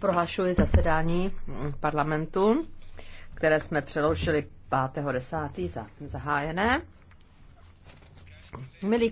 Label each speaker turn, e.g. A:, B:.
A: Prohlašuji zasedání parlamentu, které jsme přerušili ten za zahájené.
B: Milí